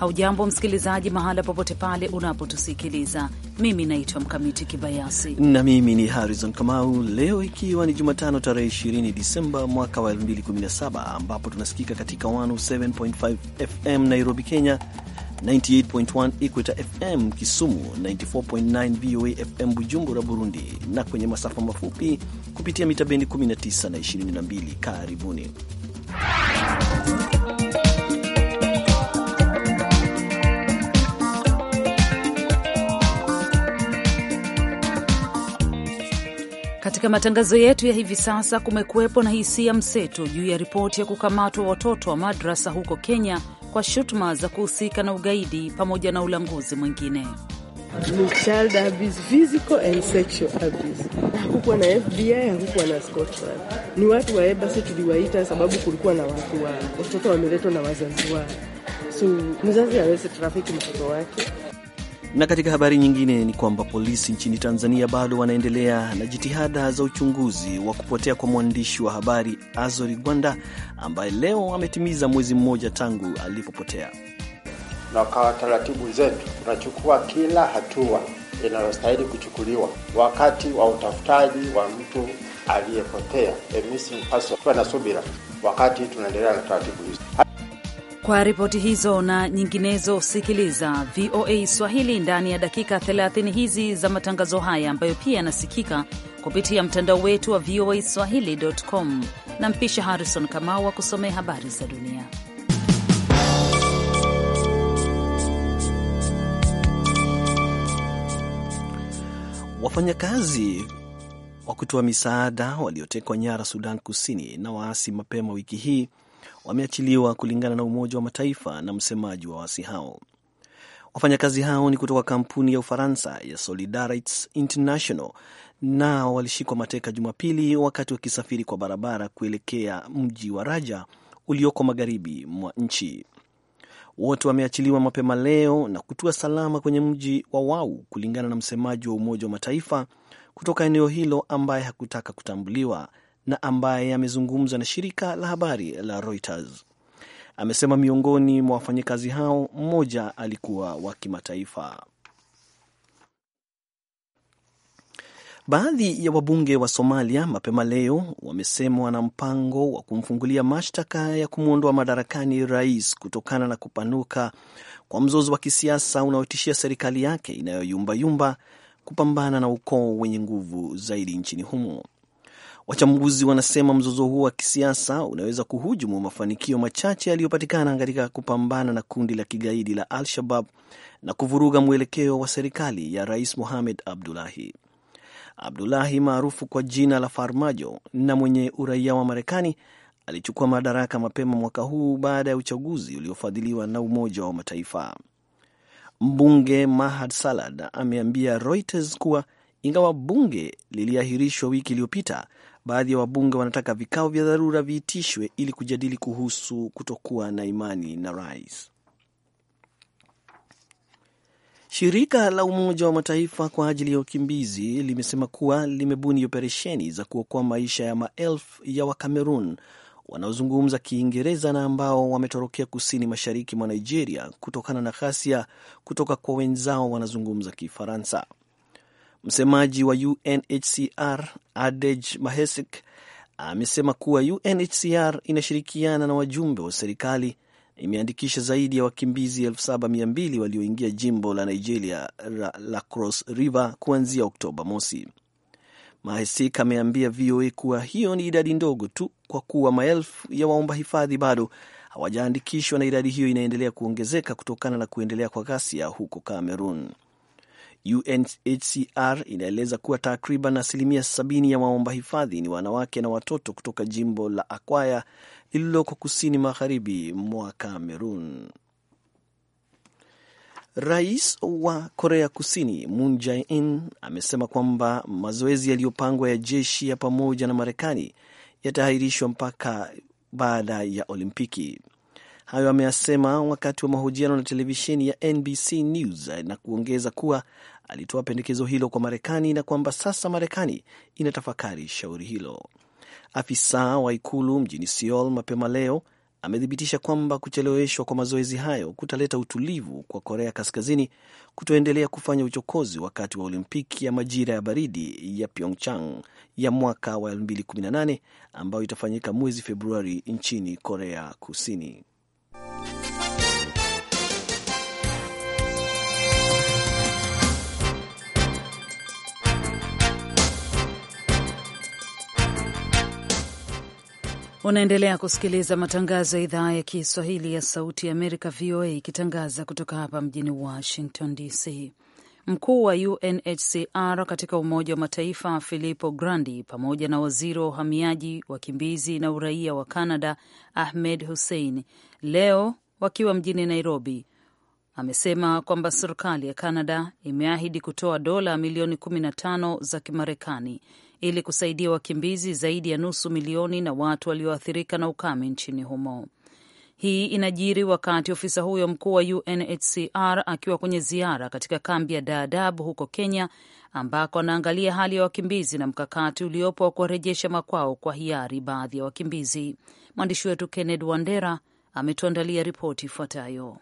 Haujambo msikilizaji, mahala popote pale unapotusikiliza. Mimi naitwa Mkamiti Kibayasi na mimi ni Harrison Kamau. Leo ikiwa ni Jumatano tarehe 20 Disemba mwaka wa 2017 ambapo tunasikika katika 107.5 FM Nairobi, Kenya, 98.1 Equator FM Kisumu, 94.9 VOA FM Bujumbura, Burundi, na kwenye masafa mafupi kupitia mita bendi 19 na 22. Karibuni Katika matangazo yetu ya hivi sasa, kumekuwepo na hisia mseto juu ya ripoti ya kukamatwa watoto wa madrasa huko Kenya kwa shutuma za kuhusika na ugaidi pamoja na ulanguzi mwingine. Hakukuwa na FBI, hakukuwa na Scotland. Ni watu wa embassy tuliwaita, sababu kulikuwa na watu wa watoto wameletwa na wazazi wao, so mzazi aweze trafiki mtoto wake na katika habari nyingine ni kwamba polisi nchini Tanzania bado wanaendelea na jitihada za uchunguzi wa kupotea kwa mwandishi wa habari Azori Gwanda ambaye leo ametimiza mwezi mmoja tangu alipopotea. Na kwa taratibu zetu tunachukua kila hatua inayostahili kuchukuliwa wakati wa utafutaji wa mtu aliyepotea, missing person, tuwe na subira wakati tunaendelea na taratibu hizo. Kwa ripoti hizo na nyinginezo, sikiliza VOA Swahili ndani ya dakika 30 hizi za matangazo haya ambayo pia yanasikika kupitia mtandao wetu wa VOA Swahili.com. Na mpisha Harrison Kamau wa kusomea habari za dunia. Wafanyakazi wa kutoa misaada waliotekwa nyara Sudan Kusini na waasi mapema wiki hii wameachiliwa kulingana na Umoja wa Mataifa na msemaji wa waasi hao. Wafanyakazi hao ni kutoka kampuni ya Ufaransa ya Solidarites International na walishikwa mateka Jumapili wakati wakisafiri kwa barabara kuelekea mji wa Raja ulioko magharibi mwa nchi. Wote wameachiliwa mapema leo na kutua salama kwenye mji wa Wau, kulingana na msemaji wa Umoja wa Mataifa kutoka eneo hilo ambaye hakutaka kutambuliwa na ambaye amezungumza na shirika la habari la Reuters. Amesema miongoni mwa wafanyakazi hao mmoja alikuwa wa kimataifa. Baadhi ya wabunge wa Somalia mapema leo wamesema wana mpango wa kumfungulia mashtaka ya kumwondoa madarakani rais kutokana na kupanuka kwa mzozo wa kisiasa unaotishia serikali yake inayoyumbayumba kupambana na ukoo wenye nguvu zaidi nchini humo. Wachambuzi wanasema mzozo huo wa kisiasa unaweza kuhujumu mafanikio machache yaliyopatikana katika kupambana na kundi la kigaidi la Al-Shabab na kuvuruga mwelekeo wa serikali ya Rais Mohamed Abdullahi. Abdullahi maarufu kwa jina la Farmajo na mwenye uraia wa Marekani alichukua madaraka mapema mwaka huu baada ya uchaguzi uliofadhiliwa na Umoja wa Mataifa. Mbunge Mahad Salad ameambia Reuters kuwa ingawa bunge liliahirishwa wiki iliyopita, Baadhi ya wabunge wanataka vikao vya dharura viitishwe ili kujadili kuhusu kutokuwa na imani na rais. Shirika la Umoja wa Mataifa kwa ajili ya wakimbizi limesema kuwa limebuni operesheni za kuokoa maisha ya maelfu ya Wakamerun wanaozungumza Kiingereza na ambao wametorokea kusini mashariki mwa Nigeria kutokana na ghasia kutoka kwa wenzao wanazungumza Kifaransa. Msemaji wa UNHCR Adej Mahesik amesema kuwa UNHCR inashirikiana na wajumbe wa serikali imeandikisha zaidi ya wakimbizi 7200 walioingia jimbo la Nigeria la, la Cross River kuanzia Oktoba mosi. Mahesik ameambia VOA kuwa hiyo ni idadi ndogo tu kwa kuwa maelfu ya waomba hifadhi bado hawajaandikishwa na idadi hiyo inaendelea kuongezeka kutokana na kuendelea kwa ghasia huko Cameroon. UNHCR inaeleza kuwa takriban asilimia sabini ya waomba hifadhi ni wanawake na watoto kutoka jimbo la Akwaya lililoko kusini magharibi mwa Cameroon. Rais wa Korea Kusini Moon Jae-in amesema kwamba mazoezi yaliyopangwa ya jeshi ya pamoja na Marekani yataahirishwa mpaka baada ya Olimpiki. Hayo ameyasema wakati wa mahojiano na televisheni ya NBC News na kuongeza kuwa alitoa pendekezo hilo kwa Marekani na kwamba sasa Marekani inatafakari shauri hilo. Afisa wa ikulu mjini Seoul mapema leo amethibitisha kwamba kucheleweshwa kwa mazoezi hayo kutaleta utulivu kwa Korea Kaskazini kutoendelea kufanya uchokozi wakati wa Olimpiki ya majira ya baridi ya Pyeongchang ya mwaka wa 2018 ambayo itafanyika mwezi Februari nchini Korea Kusini. Unaendelea kusikiliza matangazo ya idhaa ya Kiswahili ya Sauti ya Amerika, VOA, ikitangaza kutoka hapa mjini Washington DC. Mkuu wa UNHCR katika Umoja wa Mataifa Filippo Grandi pamoja na waziri wa uhamiaji, wakimbizi na uraia wa Canada Ahmed Hussein leo wakiwa mjini Nairobi amesema kwamba serikali ya Canada imeahidi kutoa dola milioni 15 za Kimarekani ili kusaidia wakimbizi zaidi ya nusu milioni na watu walioathirika na ukame nchini humo. Hii inajiri wakati ofisa huyo mkuu wa UNHCR akiwa kwenye ziara katika kambi ya Dadaab huko Kenya, ambako anaangalia hali ya wakimbizi na mkakati uliopo wa kuwarejesha makwao kwa hiari baadhi ya wakimbizi. Mwandishi wetu Kenneth Wandera ametuandalia ripoti ifuatayo.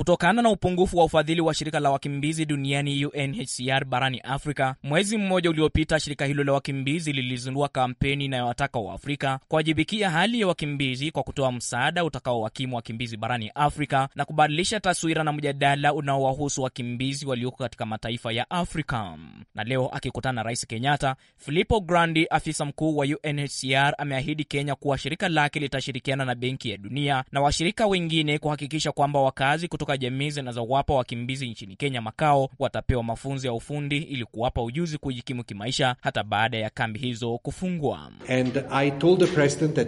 Kutokana na upungufu wa ufadhili wa shirika la wakimbizi duniani UNHCR barani Afrika, mwezi mmoja uliopita, shirika hilo la wakimbizi lilizindua kampeni inayowataka Waafrika kuwajibikia hali ya wakimbizi kwa kutoa msaada utakaowakimu wakimbizi barani Afrika na kubadilisha taswira na mjadala unaowahusu wakimbizi walioko katika mataifa ya Afrika. Na leo akikutana na Rais Kenyatta, Filippo Grandi, afisa mkuu wa UNHCR, ameahidi Kenya kuwa shirika lake litashirikiana na Benki ya Dunia na washirika wengine kuhakikisha kwamba wakazi kutoka kutoka jamii zinazowapa wakimbizi nchini Kenya makao watapewa mafunzo ya ufundi ili kuwapa ujuzi kujikimu kimaisha hata baada ya kambi hizo kufungwa.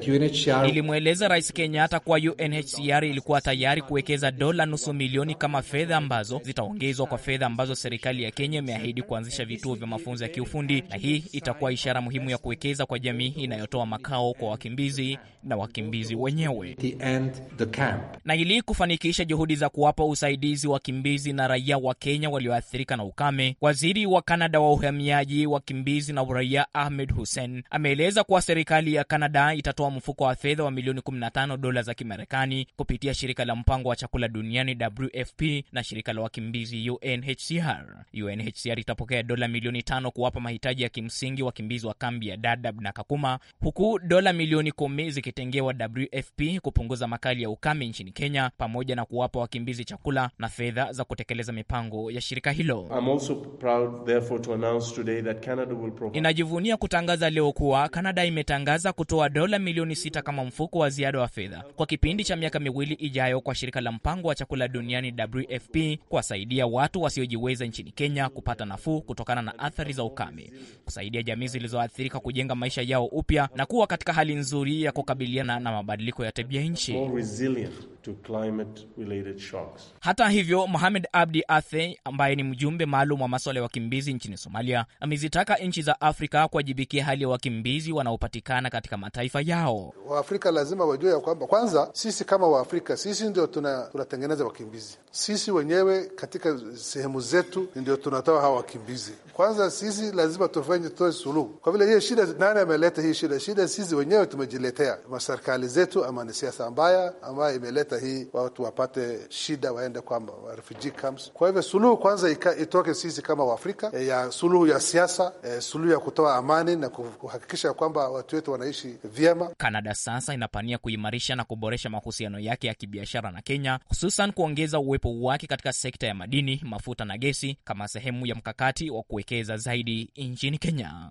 UNHCR... ilimweleza Rais Kenyatta kuwa UNHCR ilikuwa tayari kuwekeza dola nusu milioni kama fedha ambazo zitaongezwa kwa fedha ambazo serikali ya Kenya imeahidi kuanzisha vituo vya mafunzo ya kiufundi, na hii itakuwa ishara muhimu ya kuwekeza kwa jamii inayotoa makao kwa wakimbizi na wakimbizi wenyewe, na ili kufanikisha juhudi za kuwa kuwapa usaidizi wakimbizi na raia wa Kenya walioathirika na ukame. Waziri wa Kanada wa uhamiaji, wakimbizi na uraia Ahmed Hussein ameeleza kuwa serikali ya Kanada itatoa mfuko wa fedha wa milioni 15 dola za Kimarekani kupitia shirika la mpango wa chakula duniani WFP na shirika la wakimbizi UNHCR. UNHCR itapokea dola milioni tano kuwapa mahitaji ya kimsingi wakimbizi wa kambi ya Dadaab na Kakuma, huku dola milioni kumi zikitengewa WFP kupunguza makali ya ukame nchini Kenya pamoja na kuwapa wakimbizi kukabidhi chakula na fedha za kutekeleza mipango ya shirika hilo. Ninajivunia kutangaza leo kuwa Kanada imetangaza kutoa dola milioni sita kama mfuko wa ziada wa fedha kwa kipindi cha miaka miwili ijayo kwa shirika la mpango wa chakula duniani WFP kuwasaidia watu wasiojiweza nchini Kenya kupata nafuu kutokana na athari za ukame, kusaidia jamii zilizoathirika kujenga maisha yao upya na kuwa katika hali nzuri ya kukabiliana na mabadiliko ya tabia nchi. To climate related shocks. Hata hivyo, Mohamed Abdi Athey ambaye ni mjumbe maalum wa maswala ya wakimbizi nchini Somalia amezitaka nchi za Afrika kuwajibikia hali ya wakimbizi wanaopatikana katika mataifa yao. Waafrika lazima wajue ya kwamba kwanza sisi kama Waafrika sisi ndio tunatengeneza tuna wakimbizi sisi wenyewe katika sehemu zetu ndio tunatoa hawa wakimbizi. Kwanza sisi lazima tufanye, toe suluhu kwa vile hiyo shida. Nani ameleta hii shida? Shida sisi wenyewe tumejiletea, maserikali zetu, ama ni siasa mbaya ambayo imeleta hii watu wapate shida, waende kwa refugee camps. Kwa hivyo suluhu kwanza itoke sisi kama Waafrika, eh, ya suluhu ya siasa, eh, suluhu ya kutoa amani na kuhakikisha kwamba watu wetu wanaishi vyema. Kanada sasa inapania kuimarisha na kuboresha mahusiano yake ya kibiashara na Kenya, hususan kuongeza uwe uwepo wake katika sekta ya madini, mafuta na gesi kama sehemu ya mkakati wa kuwekeza zaidi nchini Kenya.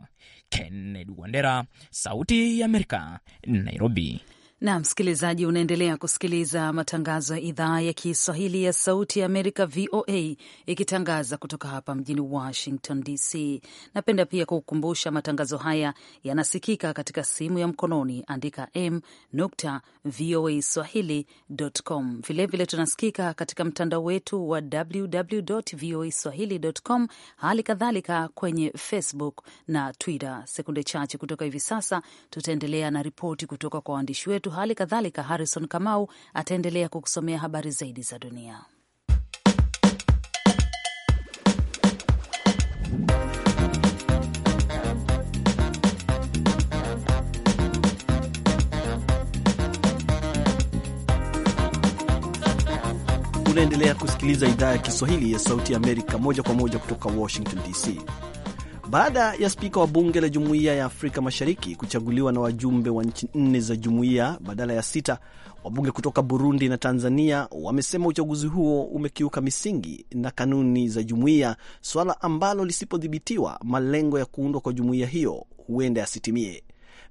Kennedy Wandera, Sauti ya Amerika, Nairobi na msikilizaji, unaendelea kusikiliza matangazo ya idhaa ya Kiswahili ya Sauti ya Amerika, VOA, ikitangaza kutoka hapa mjini Washington DC. Napenda pia kukumbusha matangazo haya yanasikika katika simu ya mkononi, andika m nukta voa swahili.com. Vilevile tunasikika katika mtandao wetu wa www voa swahili.com, hali kadhalika kwenye Facebook na Twitter. Sekunde chache kutoka hivi sasa, tutaendelea na ripoti kutoka kwa waandishi wetu Hali kadhalika, Harrison Kamau ataendelea kukusomea habari zaidi za dunia. Unaendelea kusikiliza idhaa ya Kiswahili ya Sauti ya Amerika moja kwa moja kutoka Washington DC baada ya spika wa bunge la jumuiya ya Afrika Mashariki kuchaguliwa na wajumbe wa nchi nne za jumuiya badala ya sita, wabunge kutoka Burundi na Tanzania wamesema uchaguzi huo umekiuka misingi na kanuni za jumuiya, suala ambalo lisipodhibitiwa, malengo ya kuundwa kwa jumuiya hiyo huenda yasitimie.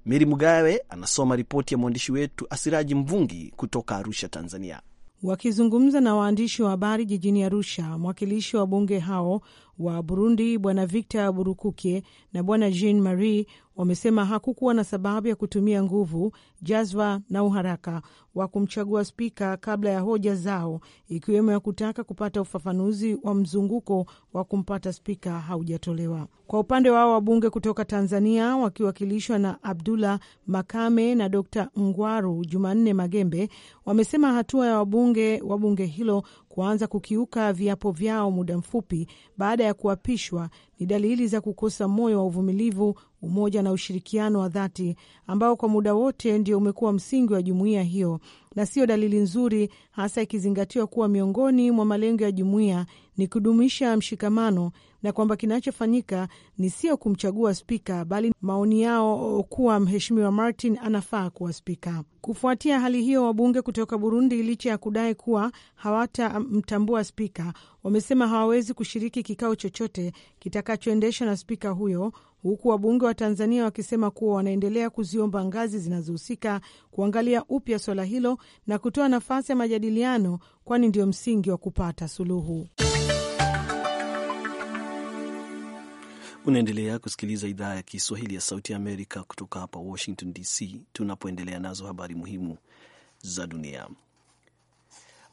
Miri Mugawe anasoma ripoti ya mwandishi wetu Asiraji Mvungi kutoka Arusha, Tanzania. Wakizungumza na waandishi wa habari jijini Arusha, mwakilishi wa bunge hao wa Burundi Bwana Victor burukuke na Bwana Jean Marie wamesema hakukuwa na sababu ya kutumia nguvu jazwa na uharaka wa kumchagua spika kabla ya hoja zao, ikiwemo ya kutaka kupata ufafanuzi wa mzunguko wa kumpata spika haujatolewa. Kwa upande wao, wabunge kutoka Tanzania wakiwakilishwa na Abdullah Makame na Dr Ngwaru Jumanne Magembe wamesema hatua ya wabunge wa bunge hilo kuanza kukiuka viapo vyao muda mfupi baada ya kuapishwa ni dalili za kukosa moyo wa uvumilivu, umoja na ushirikiano wa dhati ambao kwa muda wote ndio umekuwa msingi wa jumuiya hiyo na sio dalili nzuri, hasa ikizingatiwa kuwa miongoni mwa malengo ya jumuiya ni kudumisha mshikamano na kwamba kinachofanyika ni sio kumchagua spika, bali maoni yao kuwa mheshimiwa Martin anafaa kuwa spika. Kufuatia hali hiyo, wabunge kutoka Burundi, licha ya kudai kuwa hawatamtambua spika, wamesema hawawezi kushiriki kikao chochote kitakachoendeshwa na spika huyo huku wabunge wa Tanzania wakisema kuwa wanaendelea kuziomba ngazi zinazohusika kuangalia upya suala hilo na kutoa nafasi ya majadiliano, kwani ndio msingi wa kupata suluhu. Unaendelea kusikiliza idhaa ya Kiswahili ya Sauti ya Amerika kutoka hapa Washington DC, tunapoendelea nazo habari muhimu za dunia.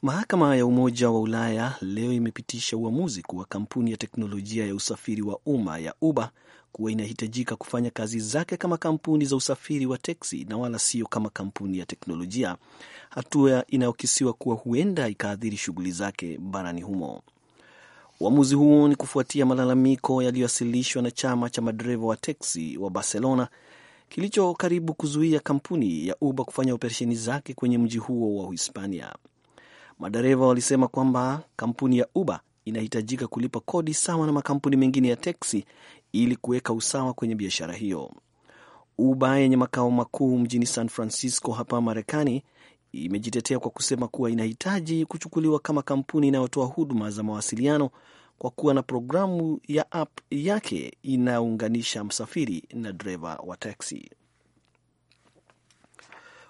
Mahakama ya Umoja wa Ulaya leo imepitisha uamuzi kuwa kampuni ya teknolojia ya usafiri wa umma ya Uber kuwa inahitajika kufanya kazi zake kama kampuni za usafiri wa teksi na wala sio kama kampuni ya teknolojia, hatua inayokisiwa kuwa huenda ikaathiri shughuli zake barani humo. Uamuzi huo ni kufuatia malalamiko yaliyowasilishwa na chama cha madereva wa teksi wa Barcelona kilicho karibu kuzuia kampuni ya Uber kufanya operesheni zake kwenye mji huo wa Uhispania. Madereva walisema kwamba kampuni ya Uber inahitajika kulipa kodi sawa na makampuni mengine ya teksi ili kuweka usawa kwenye biashara hiyo. Uber yenye makao makuu mjini San Francisco hapa Marekani imejitetea kwa kusema kuwa inahitaji kuchukuliwa kama kampuni inayotoa huduma za mawasiliano kwa kuwa na programu ya app yake inayounganisha msafiri na dereva wa taxi.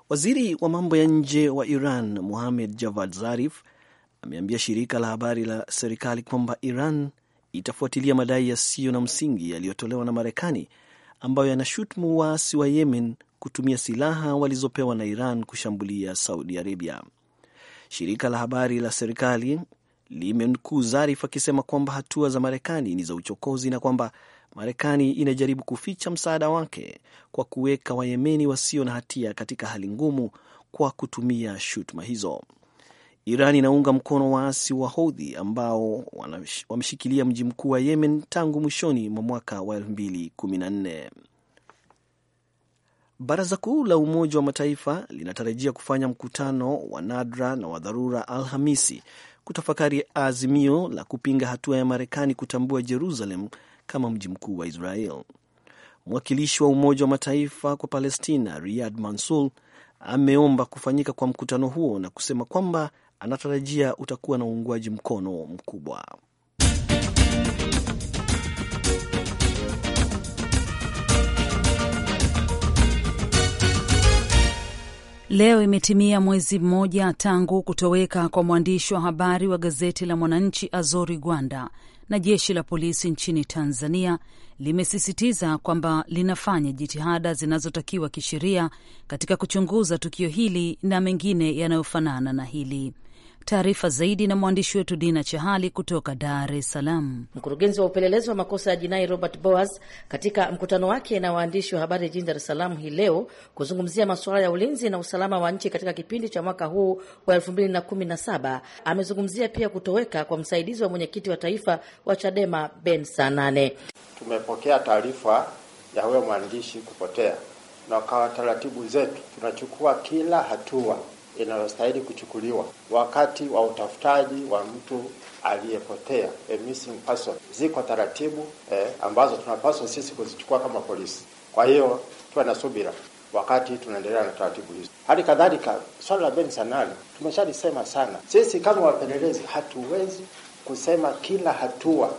Waziri wa mambo ya nje wa Iran muhamed Javad Zarif ameambia shirika la habari la serikali kwamba Iran itafuatilia madai yasiyo na msingi yaliyotolewa na Marekani ambayo yanashutumu waasi wa Yemen kutumia silaha walizopewa na Iran kushambulia Saudi Arabia. Shirika la habari la serikali limemkuu Zarif akisema kwamba hatua za Marekani ni za uchokozi na kwamba Marekani inajaribu kuficha msaada wake kwa kuweka Wayemeni wasio na hatia katika hali ngumu kwa kutumia shutuma hizo. Iran inaunga mkono waasi wa Houthi ambao wameshikilia mji mkuu wa Yemen tangu mwishoni mwa mwaka wa 2014. Baraza Kuu la Umoja wa Mataifa linatarajia kufanya mkutano wa nadra na wa dharura Alhamisi kutafakari azimio la kupinga hatua ya Marekani kutambua Jerusalem kama mji mkuu wa Israel. Mwakilishi wa Umoja wa Mataifa kwa Palestina Riyad Mansour ameomba kufanyika kwa mkutano huo na kusema kwamba anatarajia utakuwa na uungwaji mkono mkubwa. Leo imetimia mwezi mmoja tangu kutoweka kwa mwandishi wa habari wa gazeti la Mwananchi Azori Gwanda na jeshi la polisi nchini Tanzania limesisitiza kwamba linafanya jitihada zinazotakiwa kisheria katika kuchunguza tukio hili na mengine yanayofanana na hili. Taarifa zaidi na mwandishi wetu Dina Chahali kutoka Dar es Salaam. Mkurugenzi wa upelelezi wa makosa ya jinai Robert Boas, katika mkutano wake na waandishi wa habari jijini Dar es Salaam hii leo kuzungumzia masuala ya ulinzi na usalama wa nchi katika kipindi cha mwaka huu wa elfu mbili na kumi na saba, amezungumzia pia kutoweka kwa msaidizi wa mwenyekiti wa taifa wa CHADEMA Ben Saanane. Tumepokea taarifa ya huyo mwandishi kupotea, na kwa taratibu zetu tunachukua kila hatua inayostahili kuchukuliwa wakati wa utafutaji wa mtu aliyepotea, a missing person. Ziko taratibu eh, ambazo tunapaswa sisi kuzichukua kama polisi. Kwa hiyo tuwe na subira wakati tunaendelea na taratibu hizo. Hali kadhalika swala la Ben Sanali tumeshalisema sana. Sisi kama wapelelezi hatuwezi kusema kila hatua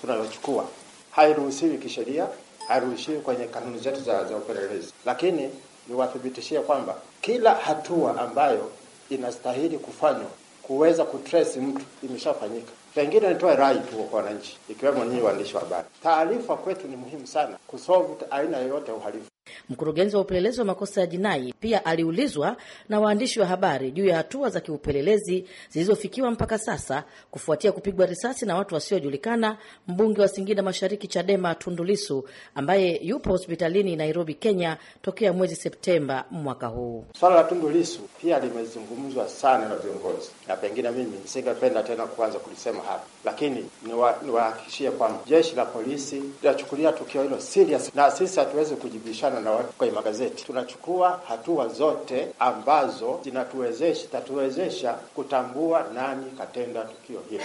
tunayochukua, hairuhusiwi kisheria, hairuhusiwi kwenye kanuni zetu za, za upelelezi, lakini niwathibitishie kwamba kila hatua ambayo inastahili kufanywa kuweza kutrace mtu imeshafanyika. Pengine nitoe rai tu kwa wananchi, ikiwemo nyinyi waandishi wa habari, taarifa kwetu ni muhimu sana kusolve aina yoyote ya uhalifu. Mkurugenzi wa upelelezi wa makosa ya jinai pia aliulizwa na waandishi wa habari juu ya hatua za kiupelelezi zilizofikiwa mpaka sasa kufuatia kupigwa risasi na watu wasiojulikana mbunge wa Singida Mashariki Chadema tundulisu ambaye yupo hospitalini Nairobi, Kenya tokea mwezi Septemba mwaka huu. Swala la tundulisu pia limezungumzwa sana na viongozi na pengine mimi nisingependa tena kuanza kulisema hapa, lakini niwahakikishie kwamba jeshi la polisi linachukulia tukio hilo serious, na sisi hatuwezi kujibishana na watu kwenye magazeti. Tunachukua hatua zote ambazo zinatuwezesha tatuwezesha kutambua nani katenda tukio hilo.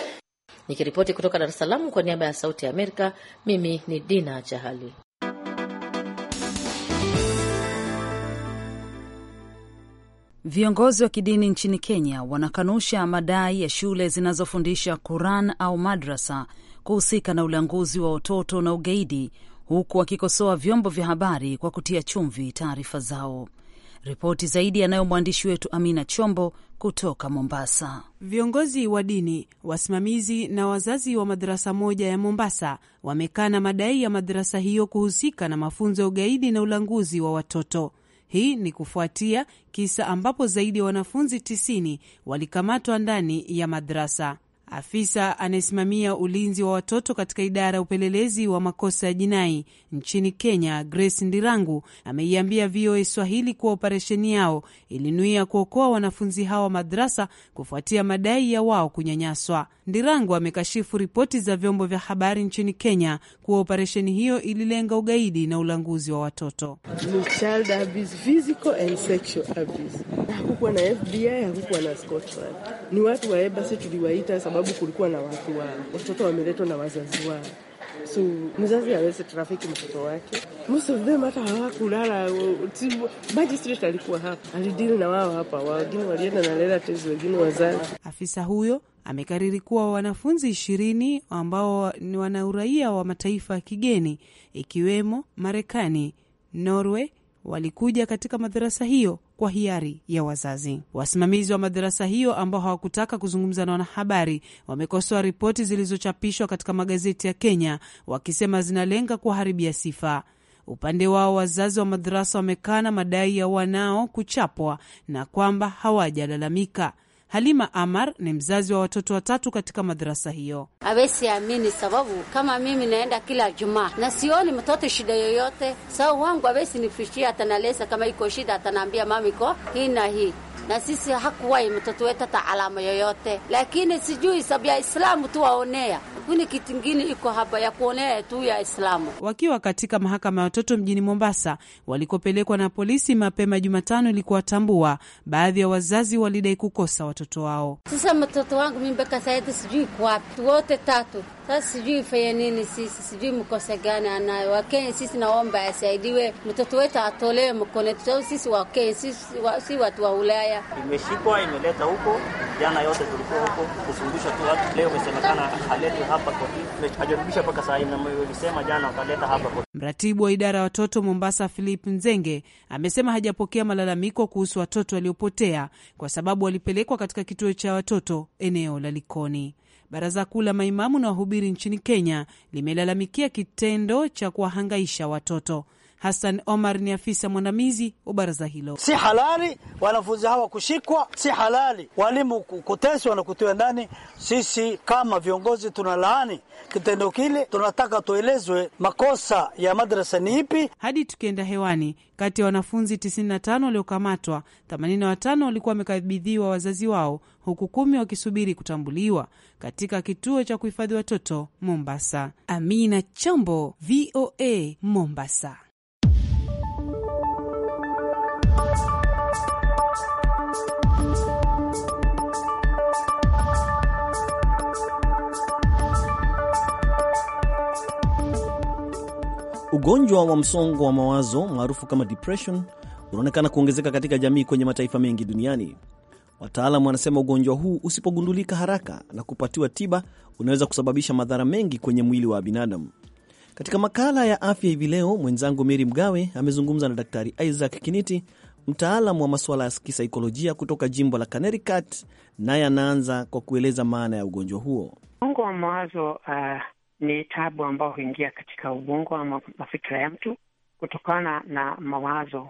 Nikiripoti kutoka Dar es Salaam kwa niaba ya Sauti ya Amerika, mimi ni Dina Chahali. Viongozi wa kidini nchini Kenya wanakanusha madai ya shule zinazofundisha Quran au madrasa kuhusika na ulanguzi wa watoto na ugaidi, huku wakikosoa vyombo vya habari kwa kutia chumvi taarifa zao. Ripoti zaidi anayo mwandishi wetu Amina Chombo kutoka Mombasa. Viongozi wa dini, wasimamizi na wazazi wa madarasa moja ya Mombasa wamekana madai ya madarasa hiyo kuhusika na mafunzo ya ugaidi na ulanguzi wa watoto. Hii ni kufuatia kisa ambapo zaidi ya wanafunzi 90 walikamatwa ndani ya madrasa. Afisa anayesimamia ulinzi wa watoto katika idara ya upelelezi wa makosa ya jinai nchini Kenya, Grace Ndirangu ameiambia VOA Swahili kuwa operesheni yao ilinuia kuokoa wanafunzi hawa madrasa kufuatia madai ya wao kunyanyaswa. Ndirangu amekashifu ripoti za vyombo vya habari nchini Kenya kuwa operesheni hiyo ililenga ugaidi na ulanguzi wa watoto. Child abuse, physical and sexual abuse. Hakukuwa na FBI, hakukuwa na Scotland. Ni watu wa tuliwaita sababu kulikuwa na watu wa watoto wameletwa na wazazi wao So mzazi aweze trafiki mtoto wake, most of them hata hawakulala. Magistrate alikuwa hapa, alidili na wao hapa, wengine walienda na wengine wazazi. Afisa huyo amekariri kuwa wanafunzi ishirini ambao ni wana uraia wa mataifa ya kigeni ikiwemo Marekani, Norway walikuja katika madarasa hiyo kwa hiari ya wazazi. Wasimamizi wa madarasa hiyo ambao hawakutaka kuzungumza na wanahabari wamekosoa ripoti zilizochapishwa katika magazeti ya Kenya wakisema zinalenga kuharibia sifa. Upande wao wazazi wa madarasa wamekana madai ya wanao kuchapwa na kwamba hawajalalamika. Halima Amar ni mzazi wa watoto watatu katika madarasa hiyo. Awesi amini sababu kama mimi naenda kila Jumaa na sioni mtoto shida yoyote, sababu wangu awesi nifishia, atanaleza kama iko shida, atanaambia mamiko hii na hii na sisi hakuwai mtoto wetu hata alama yoyote, lakini sijui sababu ya Islamu tu waonea kuni kitu ingine iko hapa ya kuonea tu ya Islamu. Wakiwa katika mahakama ya watoto mjini Mombasa walikopelekwa na polisi mapema Jumatano ili kuwatambua, baadhi ya wazazi walidai kukosa watoto watoto wao. Sasa mtoto wangu mimi mpaka sahizi sijui kwapi, wote tatu sasa sijui fanya nini sisi, sijui mkosa gani anayo Wakenya. Sisi naomba asaidiwe, mtoto wetu atolee mkono, sababu sisi Wakenya si watu wa Ulaya. Imeshikwa imeleta huko jana, yote tulikuwa huko kusumbusha tu watu. Leo imesemekana aletwe hapa kwa hii, hajarudisha mpaka saa hii, na walisema jana wakaleta hapa kwa. Mratibu wa idara ya watoto Mombasa, Philip Nzenge, amesema hajapokea malalamiko kuhusu watoto waliopotea kwa sababu walipelekwa katika kituo cha watoto eneo la Likoni. Baraza Kuu la Maimamu na Wahubiri nchini Kenya limelalamikia kitendo cha kuwahangaisha watoto. Hassan Omar ni afisa mwandamizi wa baraza hilo. Si halali wanafunzi hawa kushikwa, si halali walimu kuteswa na kutiwa ndani. Sisi kama viongozi tunalaani kitendo kile, tunataka tuelezwe makosa ya madrasa ni ipi. Hadi tukienda hewani, kati ya wanafunzi 95 waliokamatwa, 85 walikuwa wamekabidhiwa wazazi wao huku kumi wakisubiri kutambuliwa katika kituo cha kuhifadhi watoto Mombasa. Amina Chombo, VOA Mombasa. Ugonjwa wa msongo wa mawazo maarufu kama depression unaonekana kuongezeka katika jamii kwenye mataifa mengi duniani. Wataalamu wanasema ugonjwa huu usipogundulika haraka na kupatiwa tiba unaweza kusababisha madhara mengi kwenye mwili wa binadamu. Katika makala ya afya hivi leo, mwenzangu Meri Mgawe amezungumza na Daktari Isaac Kiniti, mtaalamu wa masuala ya kisaikolojia kutoka jimbo la Connecticut, naye anaanza kwa kueleza maana ya ugonjwa huo. Msongo wa mawazo uh, ni tabu ambayo huingia katika ubongo ama mafikira ya mtu kutokana na mawazo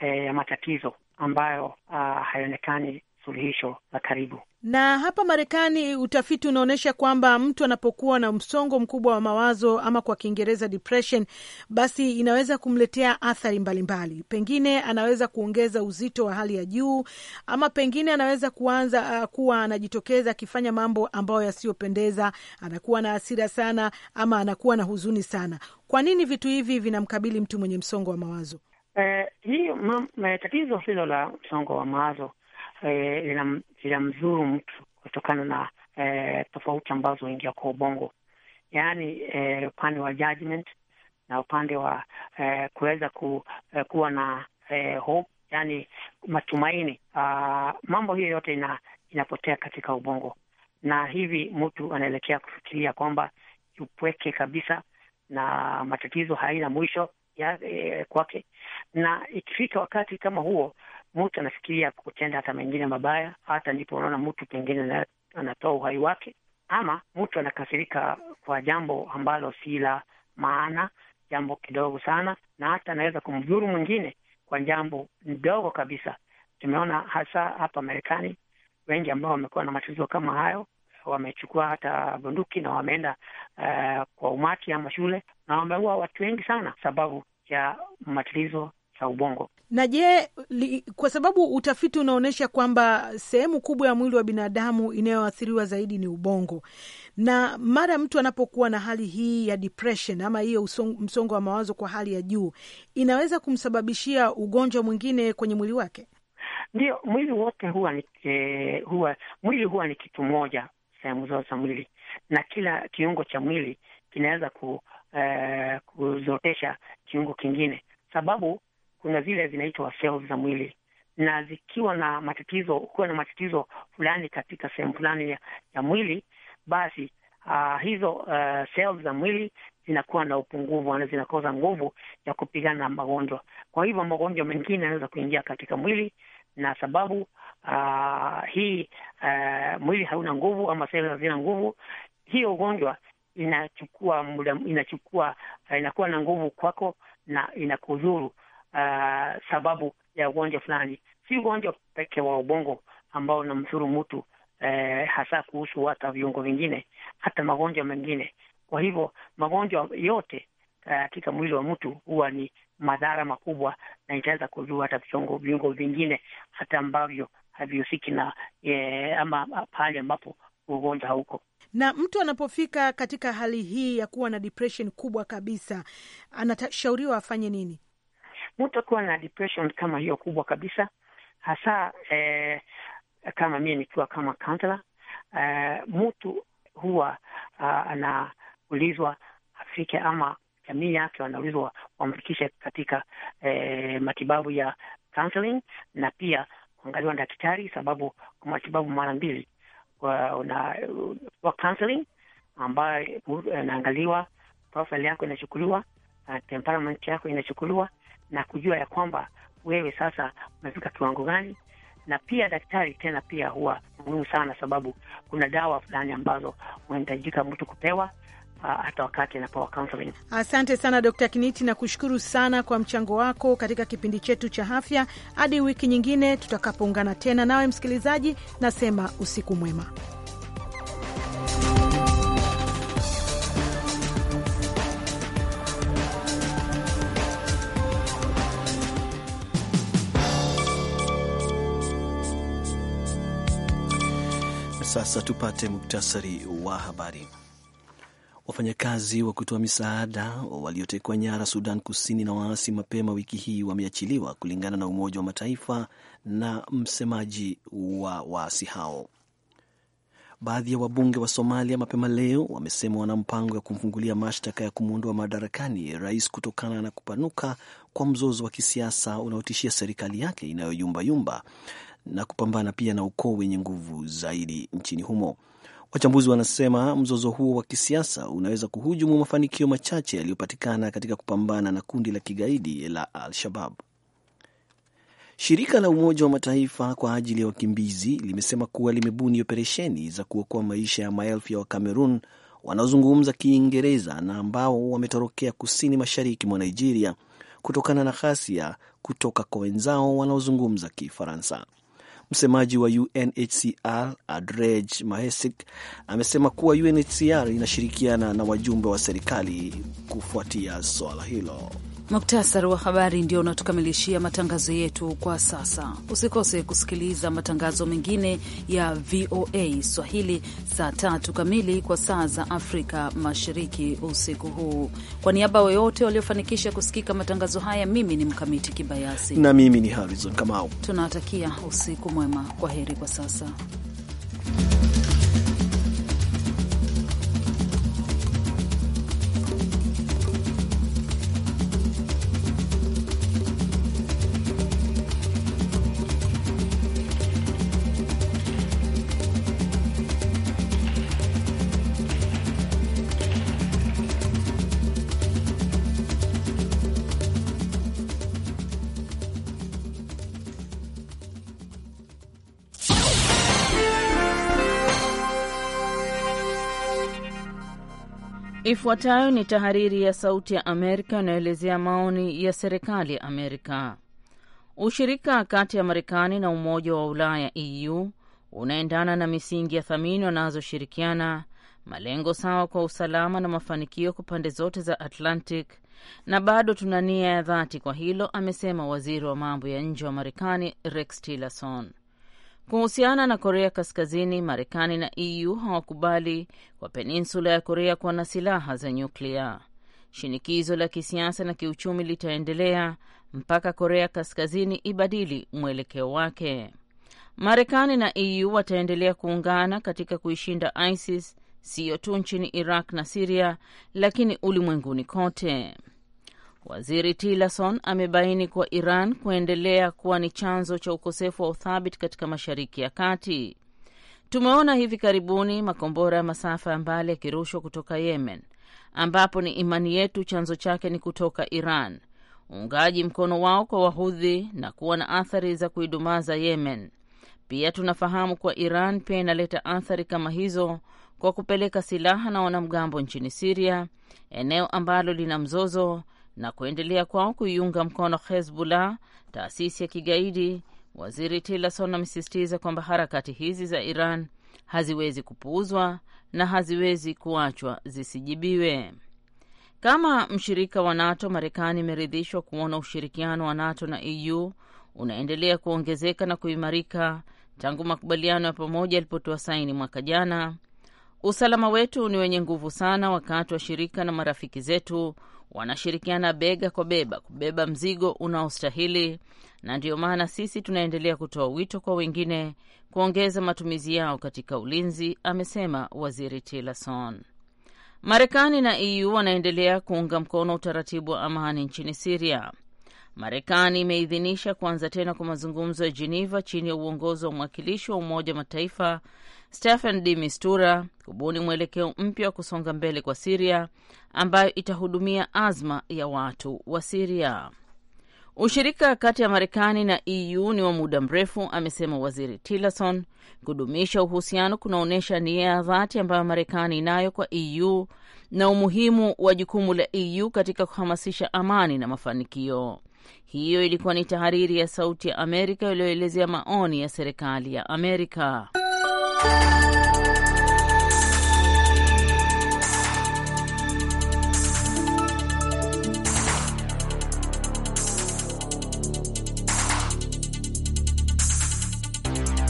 eh, ya matatizo ambayo uh, ah, hayaonekani suluhisho la karibu. Na hapa Marekani, utafiti unaonyesha kwamba mtu anapokuwa na msongo mkubwa wa mawazo ama kwa Kiingereza depression, basi inaweza kumletea athari mbalimbali mbali. Pengine anaweza kuongeza uzito wa hali ya juu, ama pengine anaweza kuanza uh, kuwa anajitokeza akifanya mambo ambayo yasiyopendeza, anakuwa na hasira sana, ama anakuwa na huzuni sana. Kwa nini vitu hivi vinamkabili mtu mwenye msongo wa mawazo? Eh, hii eh, tatizo hilo la msongo wa mawazo eh, mzuru mtu kutokana na eh, tofauti ambazo huingia kwa ubongo, yaani eh, upande wa judgment na upande wa eh, kuweza ku, eh, kuwa na eh, hope, yani matumaini. Uh, mambo hiyo yote ina, inapotea katika ubongo, na hivi mtu anaelekea kufikiria kwamba upweke kabisa na matatizo haina mwisho ya, e, kwake, na ikifika wakati kama huo mtu anafikiria kutenda hata mengine mabaya, hata ndipo unaona mtu pengine anatoa uhai wake, ama mtu anakasirika kwa jambo ambalo si la maana, jambo kidogo sana, na hata anaweza kumdhuru mwingine kwa jambo ndogo kabisa. Tumeona hasa hapa Marekani wengi ambao wamekuwa na matatizo kama hayo wamechukua hata bunduki na wameenda uh, kwa umati ama shule na wameua watu wengi sana sababu ya matatizo cha ubongo. Na je, kwa sababu utafiti unaonyesha kwamba sehemu kubwa ya mwili wa binadamu inayoathiriwa zaidi ni ubongo, na mara mtu anapokuwa na hali hii ya depression ama hiyo msongo wa mawazo kwa hali ya juu, inaweza kumsababishia ugonjwa mwingine kwenye mwili wake. Ndio, mwili wote huwa ni eh, huwa mwili huwa ni kitu moja, sehemu zote za mwili na kila kiungo cha mwili kinaweza ku, eh, kuzotesha kiungo kingine, sababu kuna zile zinaitwa cells za mwili, na zikiwa na matatizo, ukiwa na matatizo fulani katika sehemu fulani ya, ya mwili, basi uh, hizo uh, cells za mwili zinakuwa na upungufu na zinakosa nguvu ya kupigana na magonjwa. Kwa hivyo magonjwa mengine yanaweza kuingia katika mwili, na sababu uh, hii uh, mwili hauna nguvu ama seli hazina nguvu, hiyo ugonjwa inachukua muda, inachukua inakuwa na nguvu kwako na inakudhuru, uh, sababu ya ugonjwa fulani. Si ugonjwa pekee wa ubongo ambao unamdhuru mtu eh, hasa kuhusu hata viungo vingine, hata magonjwa mengine. Kwa hivyo magonjwa yote eh, katika uh, mwili wa mtu huwa ni madhara makubwa, na itaweza kujua hata viungo viungo vingine hata ambavyo havihusiki na e, ama pahali ambapo ugonjwa hauko. Na mtu anapofika katika hali hii ya kuwa na depression kubwa kabisa, anashauriwa afanye nini? akiwa na depression kama hiyo kubwa kabisa, hasa eh, kama mie nikiwa kama counselor eh, mtu huwa uh, anaulizwa afike ama jamii yake wanaulizwa wamfikishe katika eh, matibabu ya counseling na pia kuangaliwa dakitari daktari, sababu kwa matibabu mara mbili wa counseling ambayo eh, inaangaliwa, profile yako inachukuliwa, temperament yako inachukuliwa na kujua ya kwamba wewe sasa umefika kiwango gani. Na pia daktari tena pia huwa muhimu sana, sababu kuna dawa fulani ambazo unahitajika mtu kupewa ah, hata wakati anapewa counseling. Asante sana Dr. Kiniti, na kushukuru sana kwa mchango wako katika kipindi chetu cha afya. Hadi wiki nyingine tutakapoungana tena nawe msikilizaji, nasema usiku mwema. Sasa tupate muktasari wa habari. Wafanyakazi wa kutoa misaada waliotekwa nyara Sudan Kusini na waasi mapema wiki hii wameachiliwa kulingana na Umoja wa Mataifa na msemaji wa waasi hao. Baadhi ya wabunge wa Somalia mapema leo wamesema wana mpango ya kumfungulia mashtaka ya kumwondoa madarakani rais kutokana na kupanuka kwa mzozo wa kisiasa unaotishia serikali yake inayoyumbayumba na kupambana pia na ukoo wenye nguvu zaidi nchini humo. Wachambuzi wanasema mzozo huo wa kisiasa unaweza kuhujumu mafanikio machache yaliyopatikana katika kupambana na kundi la kigaidi la Al-Shabab. Shirika la Umoja wa Mataifa kwa ajili ya wakimbizi limesema kuwa limebuni operesheni za kuokoa maisha ya maelfu ya Wakamerun wanaozungumza Kiingereza na ambao wametorokea kusini mashariki mwa Nigeria kutokana na ghasia kutoka kwa wenzao wanaozungumza Kifaransa. Msemaji wa UNHCR Adrej Mahesik amesema kuwa UNHCR inashirikiana na wajumbe wa serikali kufuatia swala hilo. Muktasari wa habari ndio unatukamilishia matangazo yetu kwa sasa. Usikose kusikiliza matangazo mengine ya VOA Swahili saa tatu kamili kwa saa za Afrika Mashariki usiku huu. Kwa niaba woyote waliofanikisha kusikika matangazo haya, mimi ni Mkamiti Kibayasi na mimi ni Harrison Kamau. Tunawatakia usiku mwema. Kwa heri kwa sasa. Ifuatayo ni tahariri ya Sauti ya Amerika inayoelezea maoni ya serikali ya Amerika. Ushirika kati ya Marekani na Umoja wa Ulaya EU unaendana na misingi ya thamini wanazoshirikiana, malengo sawa kwa usalama na mafanikio kwa pande zote za Atlantic, na bado tuna nia ya dhati kwa hilo, amesema waziri wa mambo ya nje wa Marekani Rex Tillerson. Kuhusiana na Korea Kaskazini, Marekani na EU hawakubali kwa peninsula ya Korea kuwa na silaha za nyuklia. Shinikizo la kisiasa na kiuchumi litaendelea mpaka Korea Kaskazini ibadili mwelekeo wake. Marekani na EU wataendelea kuungana katika kuishinda ISIS, siyo tu nchini Iraq na Siria, lakini ulimwenguni kote. Waziri Tillerson amebaini kuwa Iran kuendelea kuwa ni chanzo cha ukosefu wa uthabiti katika Mashariki ya Kati. Tumeona hivi karibuni makombora ya masafa ya mbali yakirushwa kutoka Yemen, ambapo ni imani yetu chanzo chake ni kutoka Iran, uungaji mkono wao kwa Wahudhi na kuwa na athari za kuidumaza Yemen. Pia tunafahamu kuwa Iran pia inaleta athari kama hizo kwa kupeleka silaha na wanamgambo nchini Siria, eneo ambalo lina mzozo na kuendelea kwao kuiunga mkono Hezbollah, taasisi ya kigaidi. Waziri Tillerson amesisitiza kwamba harakati hizi za Iran haziwezi kupuuzwa na haziwezi kuachwa zisijibiwe. Kama mshirika wa NATO, Marekani imeridhishwa kuona ushirikiano wa NATO na EU unaendelea kuongezeka na kuimarika tangu makubaliano ya pamoja yalipotoa saini mwaka jana. Usalama wetu ni wenye nguvu sana wakati wa shirika na marafiki zetu wanashirikiana bega kwa bega kubeba mzigo unaostahili, na ndiyo maana sisi tunaendelea kutoa wito kwa wengine kuongeza matumizi yao katika ulinzi, amesema Waziri Tillerson. Marekani na EU wanaendelea kuunga mkono utaratibu wa amani nchini Siria. Marekani imeidhinisha kuanza tena kwa mazungumzo ya Jeneva chini ya uongozi wa mwakilishi wa Umoja wa Mataifa Staffan D Mistura kubuni mwelekeo mpya wa kusonga mbele kwa Siria ambayo itahudumia azma ya watu wa Siria. Ushirika kati ya Marekani na EU ni wa muda mrefu, amesema waziri Tillerson. Kudumisha uhusiano kunaonyesha nia ya dhati ambayo Marekani inayo kwa EU na umuhimu wa jukumu la EU katika kuhamasisha amani na mafanikio. Hiyo ilikuwa ni tahariri ya Sauti ya Amerika iliyoelezea maoni ya serikali ya Amerika. Música